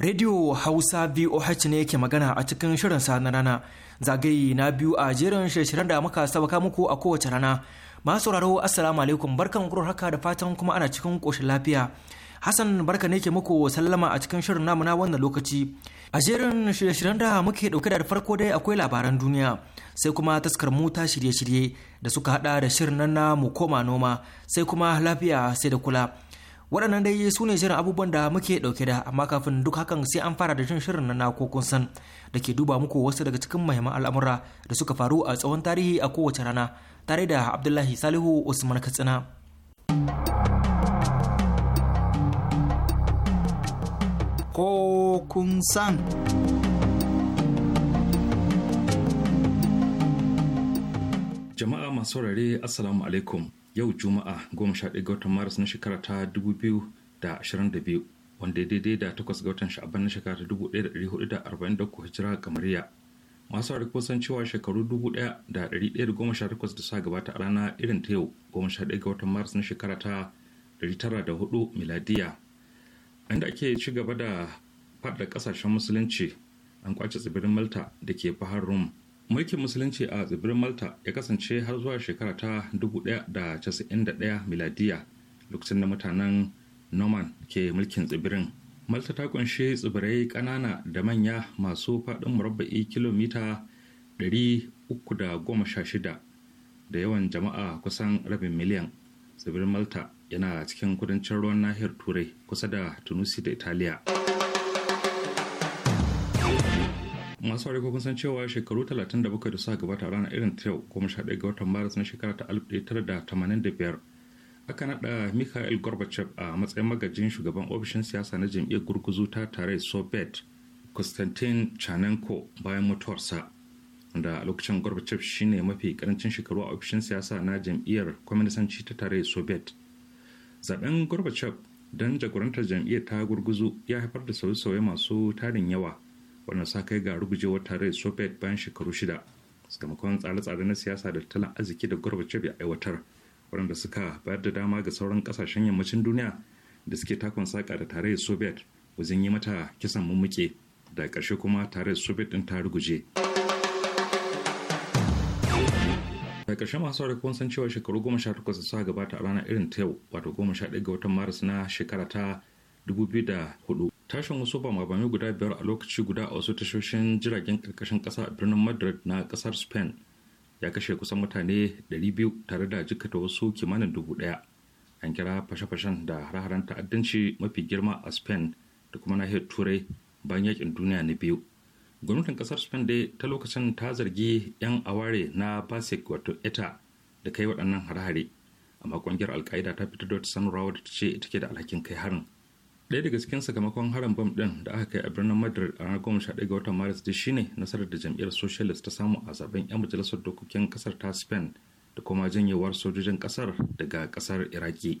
Radio Hausa VOH ne ke magana a cikin shirin sa na rana. Zagaye na biyu a jerin shirin da muka sabaka muku a kowace rana. Masu sauraro Assalamu alaikum barkan kuro haka da fatan kuma ana cikin ƙoshin lafiya. Hassan barka ne ke muku sallama a cikin shirin namu na wannan lokaci. A jerin shirye da muke dauke da farko dai akwai labaran duniya sai kuma taskar mu ta shirye-shirye da suka hada da shirin nan na mu koma noma sai kuma lafiya sai da kula. waɗannan dai su ne shirin abubuwan da muke ɗauke da amma kafin duk hakan sai an fara da jin shirin na ko kun san da ke duba muku wasu daga cikin mahimman al'amura da suka faru a tsawon tarihi a kowace rana tare da abdullahi salihu usman katsina ko kun san jama'a masu rare assalamu alaikum yau juma'a 11 ga watan maris na shekara ta 2022 wanda daidai da takwas ga watan sha'aban na shekara ta 1443 hijira kamariya masu haɗe kusan cewa shekaru 1118 da sa gabata a rana irin ta yau 11 ga watan maris na shekara ta 904 miladiya inda ake ci gaba da faɗa ƙasashen musulunci an kwace tsibirin malta da ke bahar rum mulkin musulunci a tsibirin malta ya kasance har zuwa shekara ta 1991 miladiya lokacin da mutanen norman ke mulkin tsibirin malta ta kunshi tsibirai kanana da manya masu faɗin murabba'i kilomita 316 da yawan jama'a kusan rabin miliyan tsibirin malta yana cikin kudancin ruwan nahiyar turai kusa da tunusi da italiya masu wari kun san cewa shekaru 37 da suka gabata ranar irin ta yau goma sha ga watan maris na shekara ta 1985 aka naɗa mikhail gorbachev a matsayin magajin shugaban ofishin siyasa na jam'iyyar gurguzu ta tare soviet konstantin chanenko bayan mutuwarsa da lokacin gorbachev shine mafi karancin shekaru a ofishin siyasa na jam'iyyar kwaminisanci ta tare soviet zaben gorbachev don jagorantar jam'iyyar ta gurguzu ya haifar da sauye-sauye masu tarin yawa wannan sa kai ga wata rai soviet bayan shekaru shida sakamakon tsare-tsare na siyasa da tattalin arziki da gorbachev bai aiwatar waɗanda suka bayar da dama ga sauran ƙasashen yammacin duniya da suke takon saƙa da tarayyar soviet wajen yi mata kisan mummuke da ƙarshe kuma tarayyar soviet ɗin ta ruguje da ƙarshe masu wari kun san cewa shekaru goma sha takwas da suka gabata a ranar irin ta yau wato goma sha ɗaya ga watan maris na shekara ta 2004 tashin wasu bamabamai guda biyar a lokaci guda a wasu tashoshin jiragen karkashin kasa a birnin madrid na kasar spain ya kashe kusan mutane 200 tare da jikata wasu kimanin dubu daya an kira fashe-fashen da hare-haren ta'addanci mafi girma a spain da kuma nahiyar turai bayan yakin duniya na biyu gwamnatin kasar spain dai ta lokacin ta zargi 'yan aware na basic wato eta da kai waɗannan hare amma ƙungiyar alkaida ta fitar da wata sanarwa wadda ta ce ita ke da alhakin kai harin daya daga cikin sakamakon harin bom ɗin da aka kai a birnin madrid a ranar goma sha ɗaya ga watan maris da shine nasarar da jam'iyyar socialist ta samu a zaben yan majalisar dokokin ƙasar ta spain da kuma janyewar sojojin ƙasar daga ƙasar iraki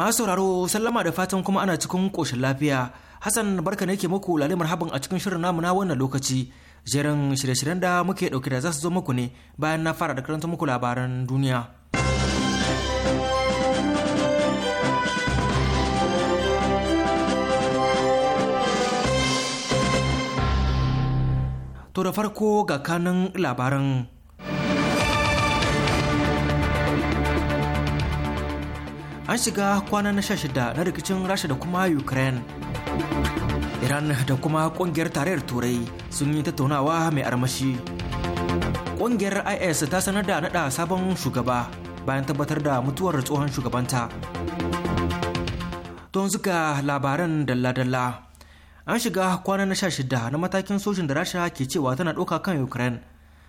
masu sauraro sallama da fatan kuma ana cikin koshin lafiya hassan barka ne ke muku lalimar habin a cikin shirin namu na wannan lokaci jerin shirye-shiryen da muke ɗauke da za su zo muku ne bayan na fara da karanta muku labaran duniya to da farko ga kanin labaran an shiga kwana na 16 na rikicin rasha da kuma ukraine iran da kuma kungiyar tarayyar turai sun yi tattaunawa mai armashi kungiyar is ta sanar da nada sabon shugaba bayan tabbatar da mutuwar tsohon shugabanta don zuga labaran dalla-dalla an shiga kwana na 16 na matakin sojin da rasha ke cewa tana ɗauka kan ukraine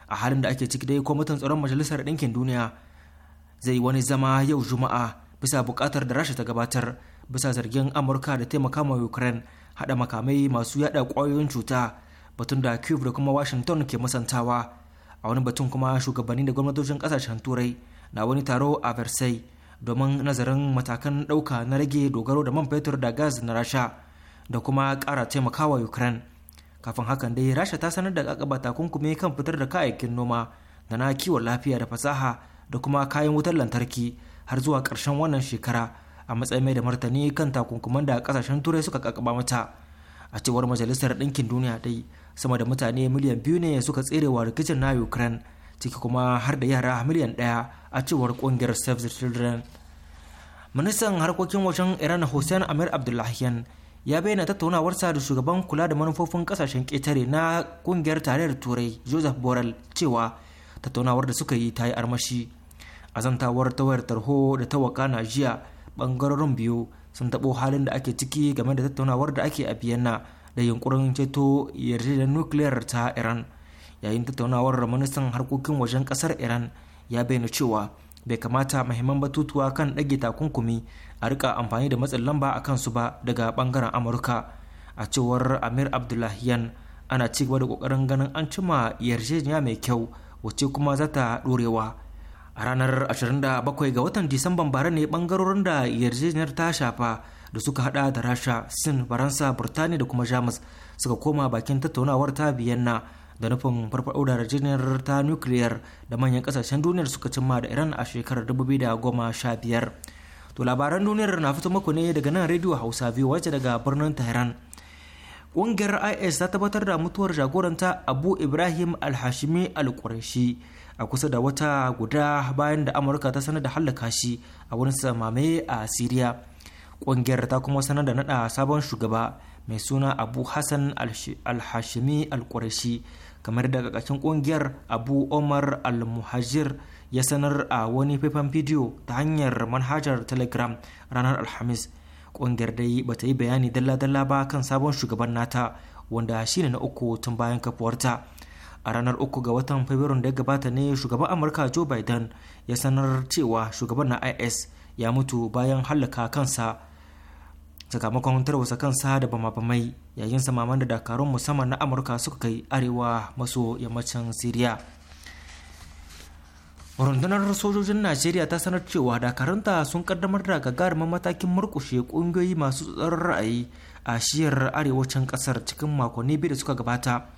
a halin da ake ciki dai kwamitin tsaron majalisar ɗinkin duniya zai wani zama yau juma'a bisa buƙatar da rasha ta gabatar bisa zargin amurka da taimaka ma ukraine haɗa makamai masu yada kwayoyin cuta batun da kyiv da kuma washington ke masantawa a wani batun kuma shugabanni da gwamnatocin ƙasashen turai na wani taro a versailles domin nazarin matakan ɗauka na rage dogaro da man fetur da gas na rasha da kuma ƙara wa ukraine kafin hakan dai rasha ta sanar da kakaba takunkumi kan fitar da kayayyakin noma da na kiwon lafiya da fasaha da kuma kayan wutar lantarki har zuwa ƙarshen wannan shekara a matsayin mai da martani kan takunkuman da ƙasashen turai suka kakaba mata a cewar majalisar ɗinkin duniya dai sama da mutane miliyan biyu ne suka tserewa rikicin na ukraine ciki kuma har da yara miliyan ɗaya a cewar ƙungiyar save the children ministan harkokin wajen iran hussein amir abdullahian ya bayyana tattaunawarsa da shugaban kula da manufofin kasashen ƙetare na ƙungiyar tarayyar turai joseph borrell cewa tattaunawar da suka yi ta yi armashi azantawar ta wayar tarho da ta na jiya bangarorin biyu sun taɓo halin da ake ciki game da tattaunawar da ake a vienna da yunkurin ceto yarjejeniyar nukiliyar ta iran yayin tattaunawar da ministan harkokin wajen kasar iran ya bayyana cewa bai kamata mahimman batutuwa kan ɗage takunkumi a rika amfani da matsin lamba a kansu ba daga bangaren amurka a cewar amir abdullahiyan ana ci gaba da kokarin ganin an cima yarjejeniya mai kyau wacce kuma zata ɗorewa a ranar 27 ga watan disamban bara ne bangarorin da yarjejeniyar ta shafa da suka hada da rasha sin faransa burtani da kuma jamus suka koma bakin tattaunawar ta biyanna da nufin farfaɗo da yarjejeniyar ta nukiliyar da manyan kasashen duniyar suka cimma da iran a shekarar 2015 to labaran duniyar na fito muku ne daga nan rediyo hausa biyu wace daga birnin tehran ƙungiyar is ta tabbatar da mutuwar jagoranta abu ibrahim alhashimi alƙurashi a kusa da wata guda bayan da amurka ta sanar da hallaka shi a wani samame a siriya ƙungiyar ta kuma sanar da nada sabon shugaba mai suna abu hassan alhashimi alƙurashi kamar daga ƙarƙashin ƙungiyar abu omar almuhajir ya sanar a wani faifan bidiyo ta hanyar manhajar telegram ranar alhamis ƙungiyar dai ta yi bayani dalla-dalla ba kan sabon shugaban nata wanda shine na uku tun bayan kafuwarta a ranar uku ga watan fabrairun da ya gabata ne shugaban amurka joe biden ya sanar cewa shugaban na is ya mutu bayan hallaka kansa sakamakon tarwasa kansa da bama-bamai yayin samaman da dakarun musamman na amurka suka kai arewa maso yammacin siriya rundunar sojojin najeriya ta sanar cewa dakaranta sun kaddamar da gagarumin matakin murkushe kungiyoyi masu tsaron ra'ayi a shiyar arewacin kasar cikin makonni biyu da suka gabata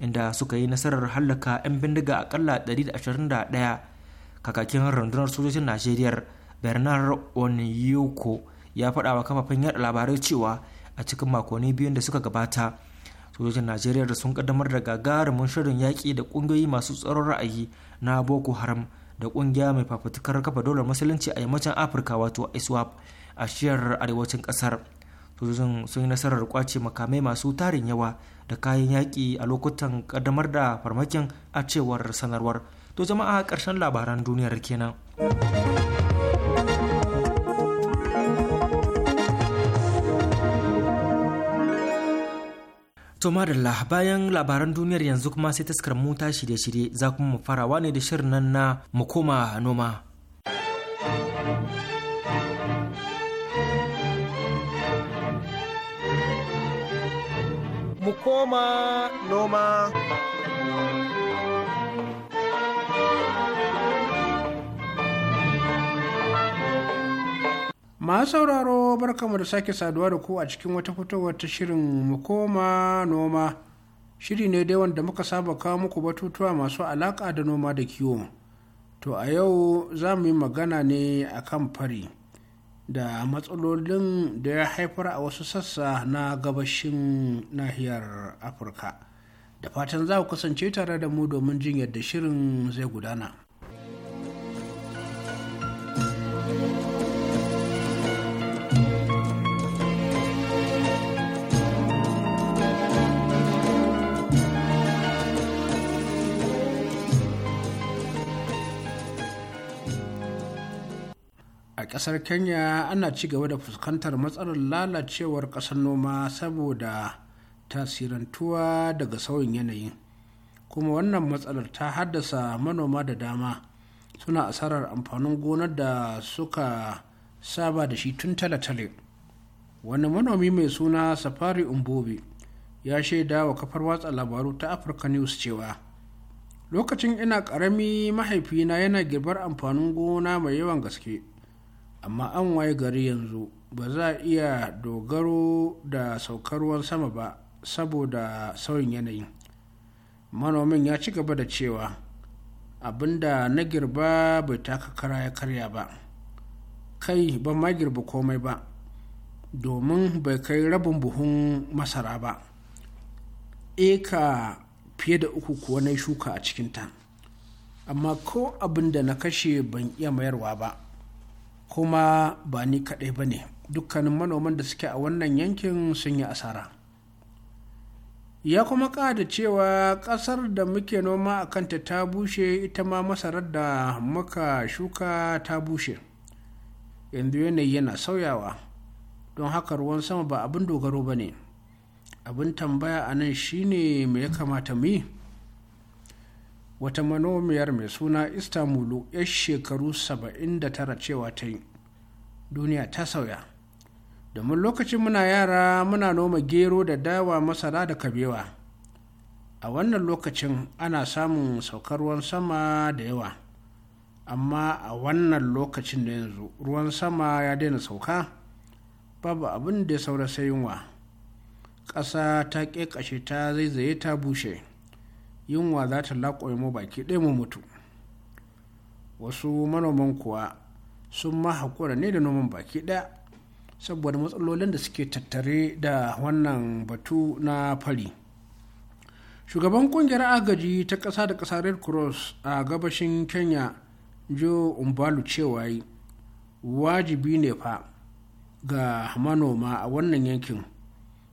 inda suka yi nasarar hallaka 'yan bindiga akalla 121 kakakin rundunar sojojin najeriya bernard onyeko ya faɗa wa kafafen yada labarai cewa a cikin makonni biyun da suka gabata sojojin najeriya sun kaddamar da gagarumin shirin yaƙi da ƙungiyoyi masu tsaron ra'ayi na boko haram da ƙungiya mai fafutukar kafa dolar musulunci a yammacin afirka wato iswap a shiyar arewacin ƙasar sojojin sun yi nasarar kwace makamai masu tarin yawa da kayan yaƙi a lokutan ƙaddamar da farmakin a cewar sanarwar to jama'a ƙarshen labaran duniyar kenan To madalla bayan labaran duniyar yanzu kuma sai taskar mu ta shirye-shirye za kuma mu farawa ne da shirin nan na mu koma noma. mu koma noma. Ma sauraro barkamu da sake saduwa da ku a cikin wata fitowar ta shirin mu koma noma shiri ne dai wanda muka saba kawo muku batutuwa masu alaƙa da noma da kiwo to a yau za mu yi magana ne akan fari da matsalolin da ya haifar a wasu sassa na gabashin nahiyar afirka da fatan za ku kasance tare da mu domin jin yadda shirin zai gudana a ƙasar kenya ana ci gaba da fuskantar matsalar lalacewar ƙasar noma saboda tasirantuwa daga sauyin yanayi kuma wannan matsalar ta haddasa manoma da dama suna asarar amfanin gonar da suka saba da shi tun tale-tale wani manomi mai suna safari umbobi ya shaida wa kafar watsa labaru ta africa news cewa lokacin ina ƙarami mahaifina yana girbar amfanin gona mai yawan gaske amma an waye gari yanzu ba za a iya dogaro da saukar ruwan sama ba saboda sauyin yanayi manomin ya ci gaba da cewa abinda na girba bai taka kara ya karya ba kai ban ma girba komai ba domin bai kai rabin buhun masara ba eka fiye da uku kuwa na shuka a cikinta amma ko abin da na kashe ban iya mayarwa ba kuma ba ni kaɗai ba ne dukkanin manoman da suke a wannan yankin sun yi asara ya kuma ƙada cewa ƙasar da muke noma a kanta ta bushe ita ma masarar da muka shuka ta bushe yanzu yanayi yana sauyawa don haka ruwan sama ba abin dogaro ba ne abin tambaya a nan shine me ya kamata mu yi wata manomiyar mai suna istanbulu 'yar shekaru 79 cewa ta yi duniya ta sauya domin lokacin muna yara muna noma gero da dawa masara da kabewa a wannan lokacin ana samun saukar ruwan sama da yawa amma a wannan lokacin da yanzu ruwan sama ya daina sauka babu abin da ya saura sayinwa ƙasa ta ƙeƙashe ta zaizaye ta bushe yunwa za ta laƙoye mu baki ɗaya mu mutu wasu manoman kuwa sun ma haƙura ne da noman baki ɗaya saboda matsalolin da suke tattare da wannan batu na fari shugaban kungiyar agaji ta ƙasa da ƙasa red cross a gabashin kenya joe umbalu cewa yi wajibi ne fa ga manoma a wannan yankin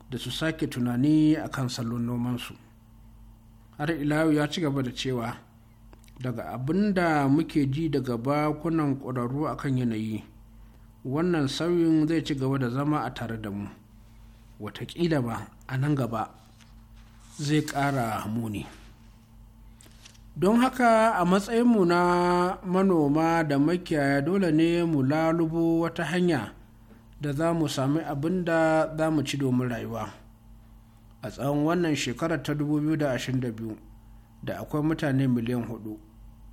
da su sake tunani a kan salon nomansu har ilayu ya ci gaba da cewa daga abin da muke ji daga bakunan ƙwararru kan yanayi wannan sauyin zai ci gaba da zama a tare da mu watakila ba a nan gaba zai ƙara muni don haka a matsayinmu na manoma da makiyaya dole ne mu lalubo wata hanya da za mu sami abin da za mu ci domin rayuwa a tsawon wannan shekarar ta 2022 da akwai mutane miliyan hudu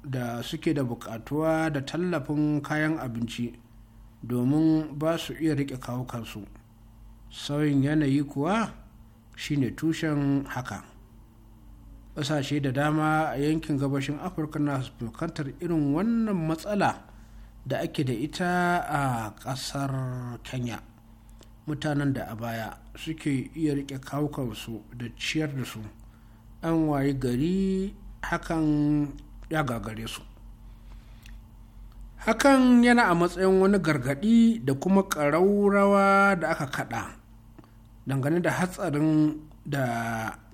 da suke da bukatuwa da tallafin kayan abinci domin ba su iya riƙe kawo kansu sauyin yanayi kuwa shine tushen haka ƙasashe da dama a yankin gabashin afirka na fuskantar irin wannan matsala da ake da ita a ƙasar kenya mutanen da a baya suke iya rike kawukansu da ciyar da su an waye gari hakan ya gagare su hakan yana a matsayin wani gargadi da kuma ƙaraurawa da aka kaɗa dangane da hatsarin da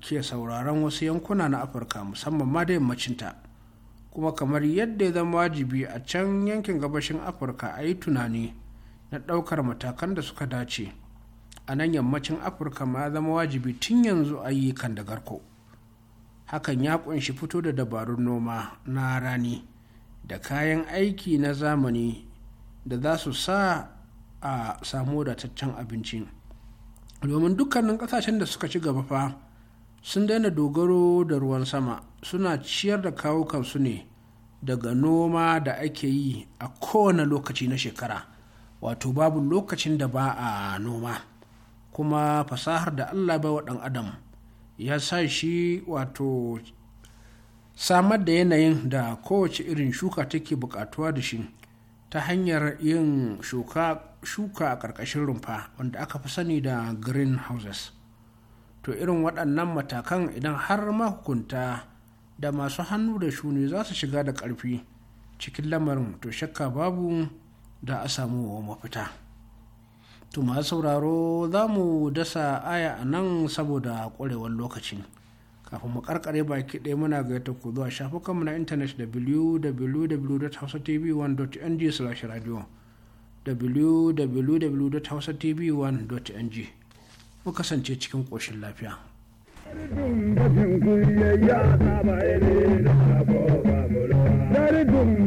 ke sauraron wasu yankuna na afirka musamman ma da yammacinta kuma kamar yadda ya zama wajibi a can yankin gabashin afirka a yi tunani na ɗaukar matakan da suka dace a nan yammacin afirka ma zama wajibi tun yanzu ayyukan da garko hakan ya kunshi fito da dabarun noma na rani da kayan aiki na zamani da za su sa a samu wadataccen abinci domin dukkanin kasashen da suka ci gaba fa sun daina dogaro da ruwan sama suna ciyar da kawukansu ne daga noma da ake yi a kowane lokaci na shekara wato babu lokacin da ba a noma kuma fasahar da allah bai wa adam ya sa shi wato samar da yanayin da kowace irin shuka take buƙatuwa da shi ta hanyar yin shuka a ƙarƙashin rumfa wanda aka fi sani da green houses to irin waɗannan matakan idan har mahukunta da masu hannu da shuni za su shiga da ƙarfi cikin lamarin to shakka babu da a samu mafita. To masu sauraro za mu dasa aya a nan saboda ƙwarewar lokaci. Kafin mu karkare baki ɗaya muna gayyata ku zuwa shafukanmu na intanet www.hausatv1.ng/radio www.hausatv1.ng mu kasance cikin ƙoshin lafiya. Dari dum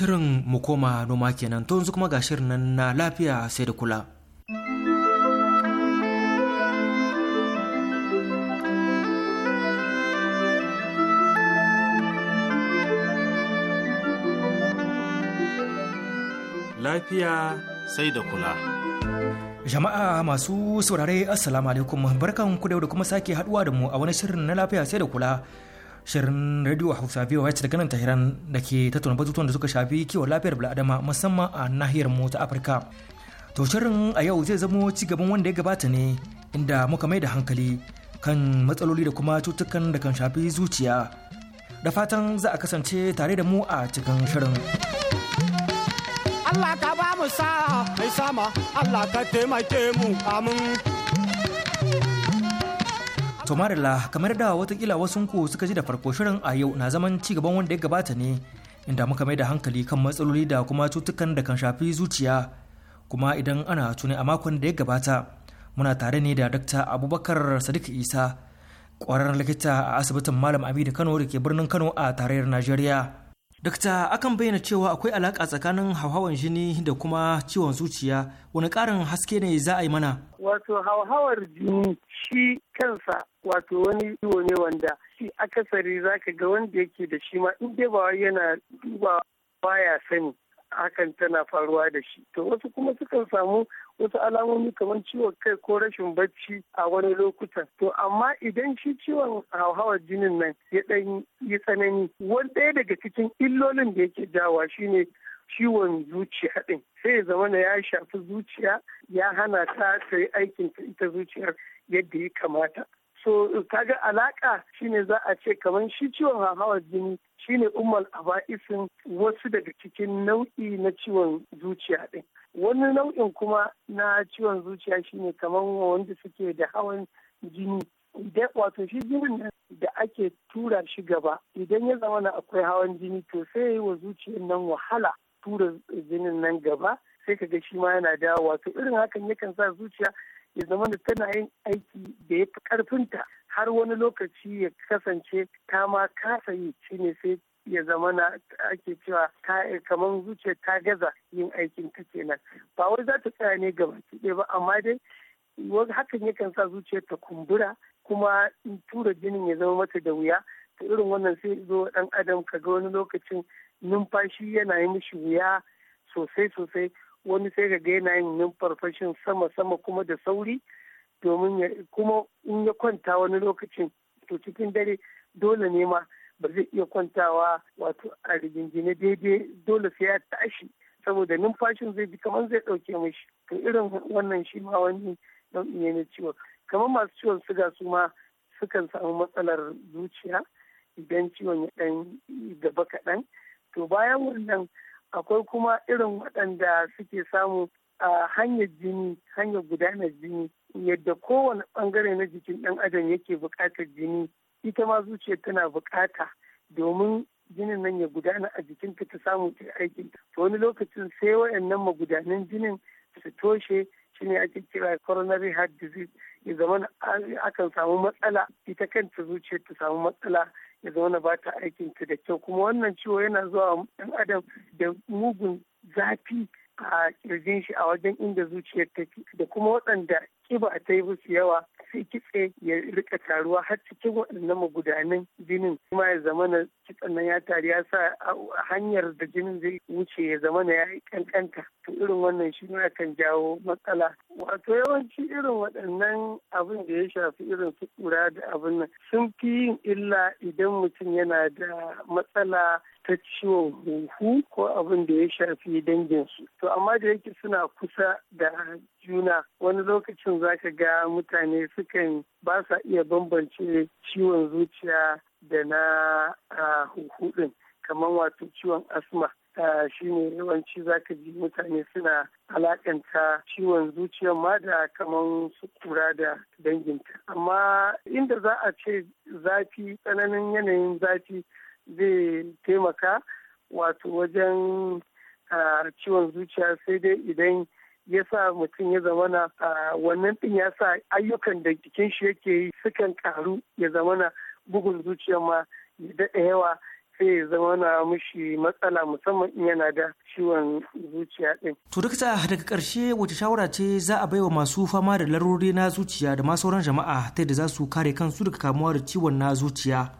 Shirin mu koma noma kenan to yanzu kuma ga shirin nan na lafiya sai da kula. Lafiya sai da kula. Jama'a masu saurare Assalamu alaikum barkan ku da kuma sake haduwa da mu a wani shirin na lafiya sai da kula. shirin radio hausa biyu ya ci daga nan tahiran da ke tattauna batutuwan da suka shafi kiwon lafiyar bil'adama musamman a nahiyar mu ta afirka to shirin a yau zai zamo ci gaban wanda ya gabata ne inda muka mai da hankali kan matsaloli da kuma cutukan da kan shafi zuciya da fatan za a kasance tare da mu a cikin shirin Allah ka ba mu sa mai sama Allah ka taimake mu amin To Marilla, kamar da watakila wasunku suka ji da farko shirin a yau na zaman ci gaban wanda ya gabata ne inda muka mai da hankali kan matsaloli da kuma cutukan da kan shafi zuciya. Kuma idan ana tuni a makon da ya gabata muna tare ne da Dr. Abubakar Sadiq Isa, ƙwararren likita a asibitin Malam abidu Kano da ke birnin Kano a tarayyar Najeriya. dokta akan bayyana cewa akwai alaƙa tsakanin hauhawar jini da kuma ciwon zuciya wani ƙarin haske ne za a yi mana. Wato hauhawar jini shi kansa wato wani ciwo ne wanda shi akasari zaka ga wanda yake da shi ma in dai ba yana duba baya sani hakan tana faruwa da shi to wasu kuma sukan samu wasu alamomi kamar ciwon kai ko rashin bacci a wani lokutan to amma idan shi ciwon hauhawar jinin nan ya dan yi tsanani wani ɗaya daga cikin illolin da yake jawa shine ciwon zuciya ɗin sai ya zama ya shafi zuciya ya hana ta ta yi aikin ta ita zuciyar yadda ya kamata so kaga alaka shine za a ce kamar shi ciwon hauhawar jini shine ummal aba'isin wasu daga cikin nau'i na ciwon zuciya ɗin wani nau'in kuma na ciwon zuciya shine kamar wanda suke da hawan jini idan wato shi jinin da ake tura shi gaba idan ya zama na akwai hawan jini to sai ya yi wa zuciyar nan wahala tura jinin nan gaba sai ka ga shi ma yana dawo wato irin hakan yakan sa zuciya ya zama da tana yin aiki da ya fi karfinta har wani lokaci ya kasance ta ma kasa yi shine sai ya zama na ake cewa kamar zuciya ta gaza yin aikin ta kenan ba wai za ta tsaya ne gaba ɗaya ba amma dai hakan yakan sa zuciya ta kumbura kuma tura jinin ya zama mata da wuya ta irin wannan sai zo dan adam ka ga wani lokacin numfashi yana yi mishi wuya sosai sosai wani sai ga yana yin numfashin sama sama kuma da sauri domin ya kuma in ya kwanta wani lokacin to cikin dare dole ne ma ba zai iya kwantawa wato a rigingine daidai dole sai ya tashi saboda numfashin zai ji kamar zai dauke mishi to irin wannan shi ma wani nau'i ne na ciwon kamar masu ciwon suga su ma sukan samu matsalar zuciya idan ciwon ya dan gaba kaɗan to bayan wannan akwai kuma irin waɗanda suke samu hanyar jini hanyar gudanar jini yadda kowane bangare na jikin dan adam yake buƙatar jini ita ma zuciya tana bukata domin jinin nan ya gudana a jikinta ta samu ta aikin to wani lokacin sai wayannan magudanan jinin su toshe shine ake kira coronary heart disease ya zama akan samu matsala ita kanta zuciyar ta samu matsala ya zama ba ta aikin ta da kyau kuma wannan ciwo yana zuwa dan adam da mugun zafi a kirjin shi a wajen inda zuciyar take da kuma waɗanda kiba ta yi musu yawa sai kitse ya rika taruwa har cikin waɗannan magudanan jinin kuma ya zamana kitsan nan ya tari ya sa hanyar da jinin zai wuce ya zama na ya yi kankanta to irin wannan shi ne kan jawo matsala wato yawanci irin waɗannan abin da ya shafi irin su kura da abin nan sun fi yin illa idan mutum yana da matsala ta ciwon huhu ko abin da ya shafi danginsu. To amma da yake suna kusa da juna wani lokacin zaka ga mutane sukan ba sa iya bambance ciwon zuciya da na huhudin kamar wato ciwon asma shi ne yawanci zaka ji mutane suna alakanta ciwon zuciyar ma da kamar su kura da danginta amma inda za a ce zafi tsananin yanayin zafi zai taimaka wato wajen ciwon zuciya sai dai idan ya sa mutum ya zamana wannan ɗin ya sa ayyukan da jikin shi yake yi sukan karu ya zamana bugun zuciya ma ya daɗa yawa sai ya zama na mushi matsala musamman in yana da ciwon zuciya ɗin. To daga ƙarshe wace shawara ce za a bai wa masu fama da larurori na zuciya da ma sauran jama'a ta yadda za su kare kansu daga kamuwa da ciwon na zuciya.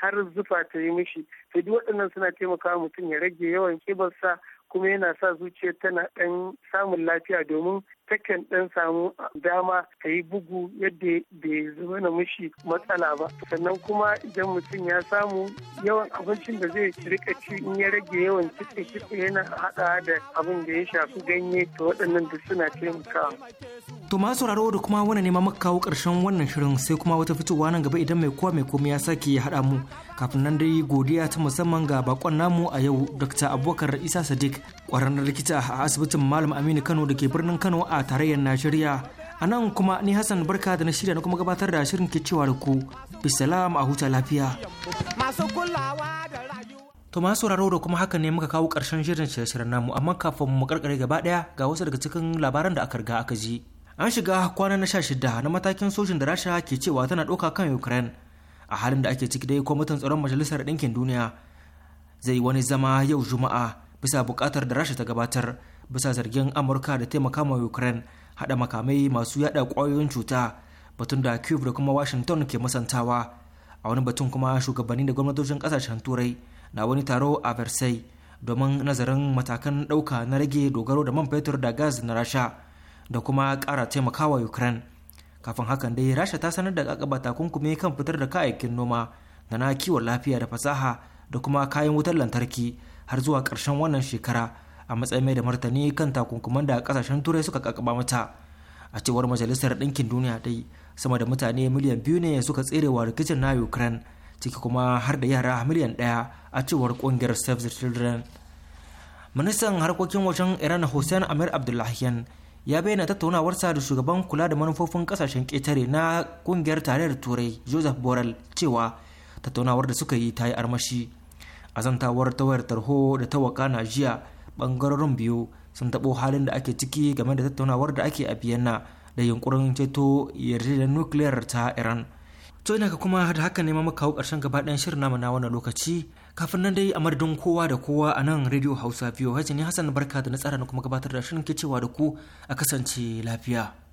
har zufa ta yi mishi to duk waɗannan suna taimaka mutum ya rage yawan kibarsa kuma yana sa zuciya tana ɗan samun lafiya domin takan ɗan samu dama ka yi bugu yadda bai zama na mushi matsala ba sannan kuma idan mutum ya samu yawan abincin da zai rika ci in ya rage yawan kitse kitse yana haɗa da abin da ya shafi ganye to waɗannan duk suna taimakawa. To masu sauraro da kuma wani neman maka kawo ƙarshen wannan shirin sai kuma wata fitowa nan gaba idan mai kowa mai komai ya sake ya haɗa mu kafin nan dai godiya ta musamman ga bakon namu a yau Dr. Abubakar Isa Sadiq kwararren likita a asibitin Malam Aminu Kano da ke birnin Kano a tarayyar Najeriya. A nan kuma ni Hassan Barka da na shirya na kuma gabatar da shirin ke cewa da ku. Bisalam a huta lafiya. To masu sauraro da kuma haka ne muka kawo ƙarshen shirin shirin namu amma kafin mu karkare gaba daya ga wasu daga cikin labaran da aka riga aka ji. An shiga kwana na 16 shida na matakin sojin da Rasha ke cewa tana ɗauka kan Ukraine. A halin da ake ciki dai kwamitin tsaron majalisar ɗinkin duniya zai wani zama yau Juma'a bisa buƙatar da Rasha ta gabatar bisa zargin amurka da taimaka ma ukraine hada makamai masu yada kwayoyin cuta batun da kyiv da kuma washington ke masantawa a wani batun kuma shugabanni da gwamnatocin ƙasashen turai na wani taro a versailles domin nazarin matakan ɗauka na rage dogaro da man fetur da gas na rasha da kuma kara wa ukraine kafin hakan dai rasha ta sanar da kakaba takunkumi kan fitar da kayayyakin noma da na kiwon lafiya da fasaha da kuma kayan wutar lantarki har zuwa ƙarshen wannan shekara a matsayin mai da martani kan takunkuman da kasashen turai suka kakaba mata a cewar majalisar ɗinkin duniya dai sama da mutane miliyan biyu ne suka tserewa rikicin na ukraine ciki kuma har da yara miliyan ɗaya a cewar ƙungiyar save the children ministan harkokin wajen iran hussein amir abdullahian ya bayyana tattaunawarsa da shugaban kula da manufofin kasashen ƙetare na ƙungiyar tarayyar turai joseph borrell cewa tattaunawar da suka yi ta yi armashi azantawar ta wayar tarho da ta na jiya bangarorin biyu sun taɓo halin da ake ciki game da tattaunawar da ake a vienna da yunkurin ceto yarjejeniyar nukiliyar ta iran to ina ka kuma da haka nema muka kawo ƙarshen gaba ɗayan shirin namu na wannan lokaci kafin nan dai a madadin kowa da kowa a nan radio hausa biyu hajji ne hassan barka da na tsara na kuma gabatar da shirin ke cewa da ku a kasance lafiya